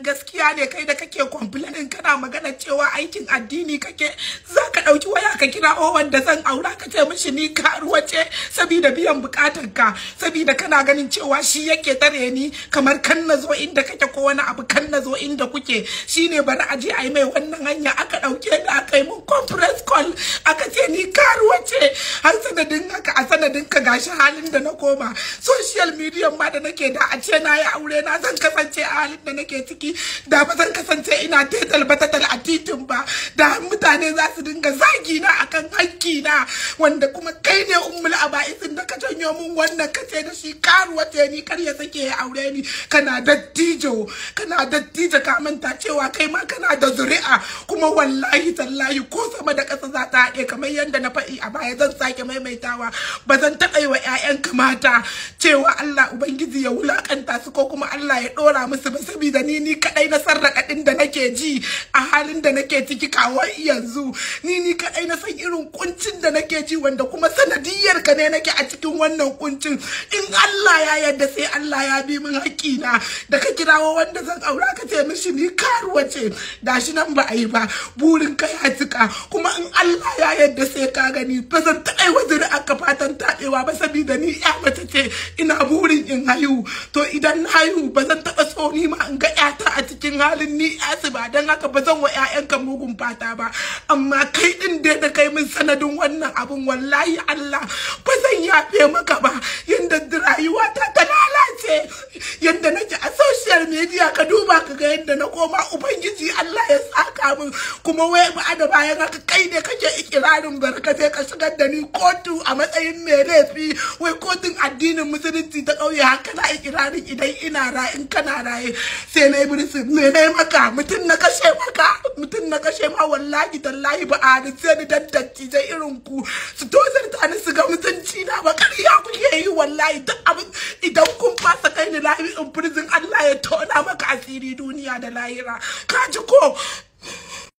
gaskiya ne kai da kake complaining kana magana cewa aikin addini kake za ka ɗauki waya ka kira o wanda zan aura ka ce mishi ni karuwa ce saboda biyan bukatar ka saboda kana ganin cewa shi yake tare ni kamar kan na zo inda kake ko wani abu kan na zo inda kuke shine bari a je a yi mai wannan hanya aka ɗauke da aka yi mun conference call aka ce ni ka karuwa ce har sanadin haka a sanadin ka gashi halin da na koma social media ma da nake da a ce na yi aure na zan kasance a halin da nake ciki da ba zan kasance ina tetal batatal a titin ba da mutane za su dinga zagi na akan hakki na wanda kuma kai ne ummul aba'isin da ka janyo mun wannan ce da shi karuwa ce ni kar ya sake ya aure ni kana dattijo kana dattijo ka manta cewa kai ma kana da zuri'a kuma wallahi tallahi ko kuma da ƙasa za ta haɗe kamar yadda na faɗi a baya zan sake maimaitawa ba zan taɓa yi wa 'ya'yanka mata cewa Allah Ubangiji ya wulakanta su ko kuma Allah ya ɗora musu ba saboda ni ni kaɗai na sarraƙa ɗin da nake ji a halin da nake ciki kawai yanzu ni ni kaɗai na san irin kuncin da nake ji wanda kuma sanadiyar ka ne nake a cikin wannan kuncin in Allah ya yarda sai Allah ya bi min na da ka kirawo wanda zan aura ka ce mishi ni karuwa ce da shi nan ba a yi ba burin ka ya cika kuma in Allah ya yadda sai ka gani ba zan taɓa da aka fatan taɓewa ba saboda ni ya mace ce ina burin in hayu to idan na hayu ba zan taɓa so ni ma in ga ƴata a cikin halin ni yasu ba don haka ba zan wa ƴaƴanka mugun fata ba amma kai din dai da kai min sanadin wannan abun wallahi Allah ba zan yafe maka ba yanda rayuwa ta lalace yanda nake a social media ka duba ka ga yadda na koma ubangiji Allah ya sa kuma wai ba da bayan haka kai ne kake ikirarin barkatai ka shigar da ni kotu a matsayin mai laifi wai kotun addinin musulunci ta kauye haka za ikirarin idan ina ra in kana raye sai na ibris me na maka mutum na kashe maka mutum na kashe ma wallahi tallahi ba a sai ni daddaci sai irin ku su ta ni su ga mutunci na ba ƙarya kuke yi wallahi duk abin idan kun fasa kai ni lahi in prison Allah ya tona maka asiri duniya da lahira kaji ko